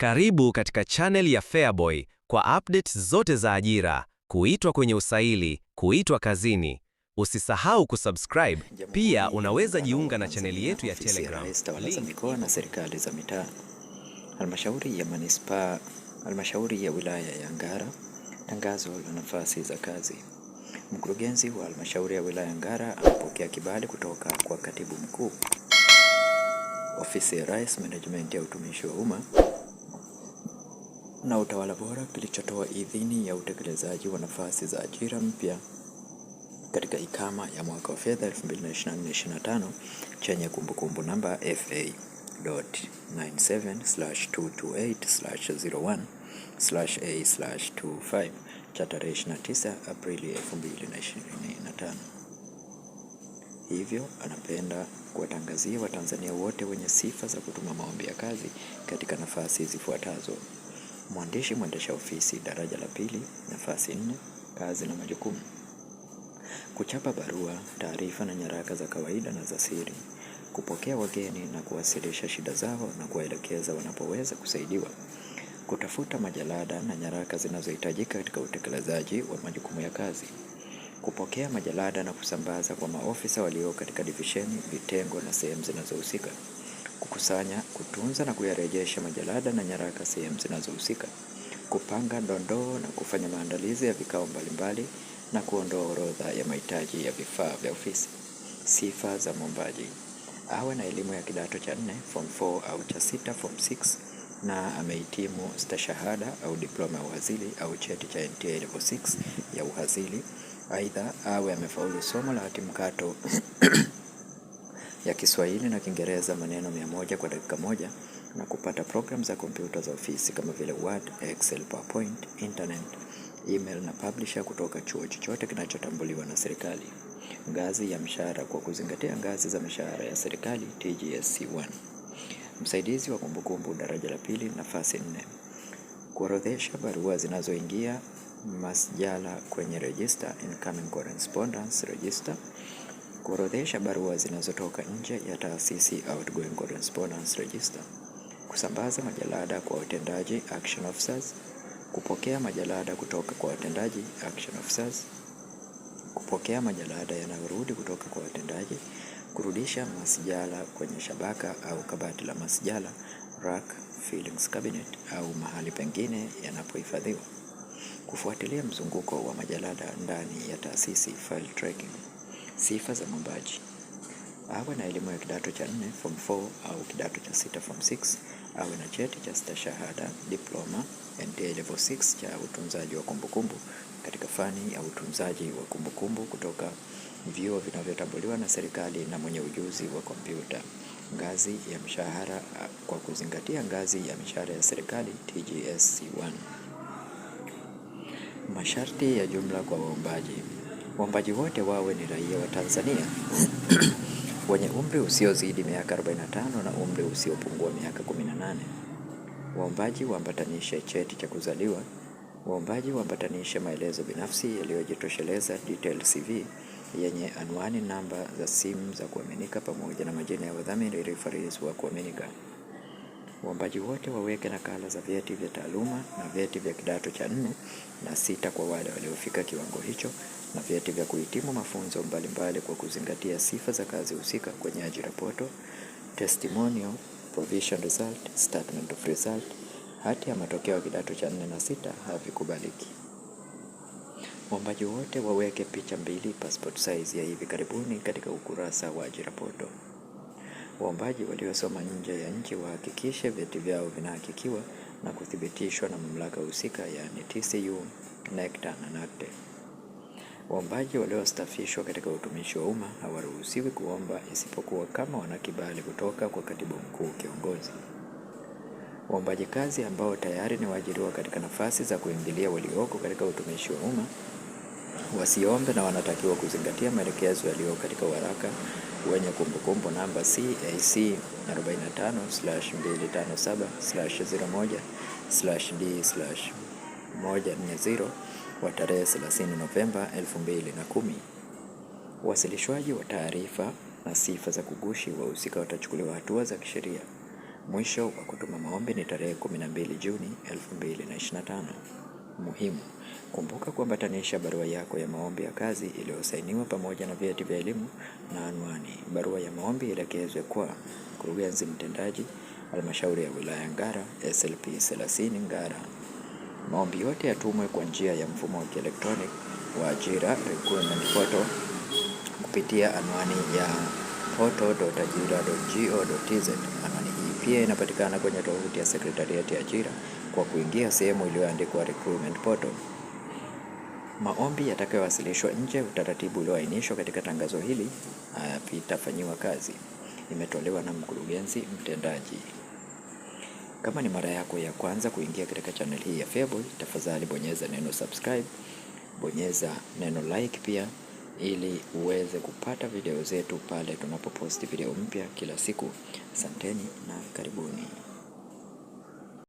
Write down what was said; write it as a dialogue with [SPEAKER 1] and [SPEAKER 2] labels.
[SPEAKER 1] Karibu katika channel ya Feaboy kwa update zote za ajira, kuitwa kwenye usaili, kuitwa kazini. Usisahau kusubscribe. Pia unaweza jiunga na chaneli yetu ya Telegram.
[SPEAKER 2] Tawala za mikoa na serikali za mitaa, halmashauri ya manispaa, halmashauri ya wilaya ya Ngara. Tangazo la nafasi za kazi. Mkurugenzi wa halmashauri ya wilaya Ngara amepokea kibali kutoka kwa katibu mkuu, ofisi ya Rais, management ya utumishi wa umma na Utawala Bora kilichotoa idhini ya utekelezaji wa nafasi za ajira mpya katika ikama ya mwaka wa fedha 2024/2025 chenye kumbukumbu namba fa97 228 01 a cha tarehe 29 Aprili 2025. Hivyo anapenda kuwatangazia Watanzania wote wenye sifa za kutuma maombi ya kazi katika nafasi zifuatazo mwandishi mwendesha ofisi daraja la pili, nafasi nne, kazi na majukumu: kuchapa barua, taarifa na nyaraka za kawaida na za siri, kupokea wageni na kuwasilisha shida zao na kuwaelekeza wanapoweza kusaidiwa, kutafuta majalada na nyaraka zinazohitajika katika utekelezaji wa majukumu ya kazi, kupokea majalada na kusambaza kwa maofisa walio katika divisheni, vitengo na sehemu zinazohusika kukusanya, kutunza na kuyarejesha majalada na nyaraka sehemu zinazohusika, kupanga dondoo na kufanya maandalizi ya vikao mbalimbali na kuondoa orodha ya mahitaji ya vifaa vya ofisi. Sifa za mwombaji: awe na elimu ya kidato cha nne form 4 au cha sita form 6 na amehitimu stashahada au diploma ya uhazili au cheti cha NTA level 6 ya uhazili. Aidha, awe amefaulu somo la hati mkato ya Kiswahili na Kiingereza maneno mia moja kwa dakika moja na kupata programu za kompyuta za ofisi kama vile Word, Excel, PowerPoint, internet, email na publisher kutoka chuo chochote kinachotambuliwa na serikali. Ngazi ya mshahara kwa kuzingatia ngazi za mishahara ya serikali TGSC1. Msaidizi wa kumbukumbu daraja la pili, nafasi nne. Kuorodhesha barua zinazoingia masjala kwenye register, incoming correspondence register kuorodhesha barua zinazotoka nje ya taasisi outgoing correspondence register, kusambaza majalada kwa watendaji action officers, kupokea majalada kutoka kwa watendaji action officers, kupokea majalada yanayorudi kutoka kwa watendaji, kurudisha masijala kwenye shabaka au kabati la masijala rack, fillings cabinet au mahali pengine yanapohifadhiwa, kufuatilia mzunguko wa majalada ndani ya taasisi file tracking. Sifa za mwombaji: awe na elimu ya kidato cha nne form 4 au kidato cha sita form 6. Awe na cheti cha stashahada, diploma, NTA level 6 cha utunzaji wa kumbukumbu katika fani ya utunzaji wa kumbukumbu kutoka vyuo vinavyotambuliwa na serikali na mwenye ujuzi wa kompyuta. Ngazi ya mshahara kwa kuzingatia ngazi ya mishahara ya serikali c 1 Masharti ya jumla kwa waombaji waombaji wote wawe ni raia wa Tanzania wenye umri usiozidi miaka 45 na umri usiopungua miaka 18. Waombaji waambatanishe cheti cha kuzaliwa. Waombaji waambatanishe maelezo binafsi yaliyojitosheleza detail CV yenye anwani, namba za simu za kuaminika, pamoja na majina ya wadhamini referees wa kuaminika. Waombaji wote waweke nakala za vyeti vya taaluma na vyeti vya kidato cha nne na sita kwa wale waliofika kiwango hicho na vyeti vya kuhitimu mafunzo mbalimbali kwa kuzingatia sifa za kazi husika kwenye ajira poto, testimonial, provision result, statement of result. Hati ya matokeo ya kidato cha nne na sita havikubaliki. Waombaji wote waweke picha mbili passport size ya hivi karibuni katika ukurasa wa ajira poto. Waombaji waliosoma nje ya nchi wahakikishe vyeti vyao vinahakikiwa na kuthibitishwa na mamlaka husika yaani TCU, NECTA na NACTE. Waombaji waliostafishwa katika utumishi wa umma hawaruhusiwi kuomba isipokuwa kama wana kibali kutoka kwa katibu mkuu kiongozi. Waombaji kazi ambao tayari ni waajiriwa katika nafasi za kuingilia walioko katika utumishi wa umma wasiombe na wanatakiwa kuzingatia maelekezo yaliyo katika waraka wenye kumbukumbu namba CAC 45/257/01/D/140 wa tarehe 30 Novemba 2010. Uwasilishwaji wa taarifa na sifa za kugushi, wahusika watachukuliwa hatua za kisheria. Mwisho wa kutuma maombi ni tarehe 12 Juni 2025 muhimu. Kumbuka kuambatanisha barua yako ya maombi ya kazi iliyosainiwa pamoja na vyeti vya elimu na anwani. Barua ya maombi ielekezwe kwa Mkurugenzi Mtendaji, Halmashauri ya Wilaya Ngara, SLP 30 Ngara. Maombi yote yatumwe kwa njia ya mfumo wa kielektronik wa ajira recruitment portal kupitia anwani ya portal.ajira.go.tz pia inapatikana kwenye tovuti ya Sekretarieti ya Ajira kwa kuingia sehemu iliyoandikwa Recruitment Portal. Maombi yatakayowasilishwa nje utaratibu ulioainishwa katika tangazo hili ah, vitafanyiwa kazi. Imetolewa na mkurugenzi mtendaji. Kama ni mara yako ya kwanza kuingia katika channel hii ya Feaboy, tafadhali bonyeza neno subscribe, bonyeza neno like pia ili uweze kupata video zetu pale tunapoposti video mpya kila siku. Asanteni na karibuni.